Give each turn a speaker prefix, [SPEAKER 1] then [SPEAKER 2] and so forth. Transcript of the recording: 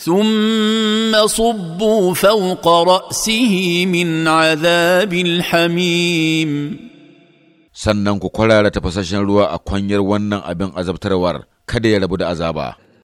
[SPEAKER 1] ثم صبوا فوق راسه من
[SPEAKER 2] عذاب الحميم sannan ku kwarara tafasasshen ruwa a kwanyar wannan abin azabtarwar kada ya rabu da azaba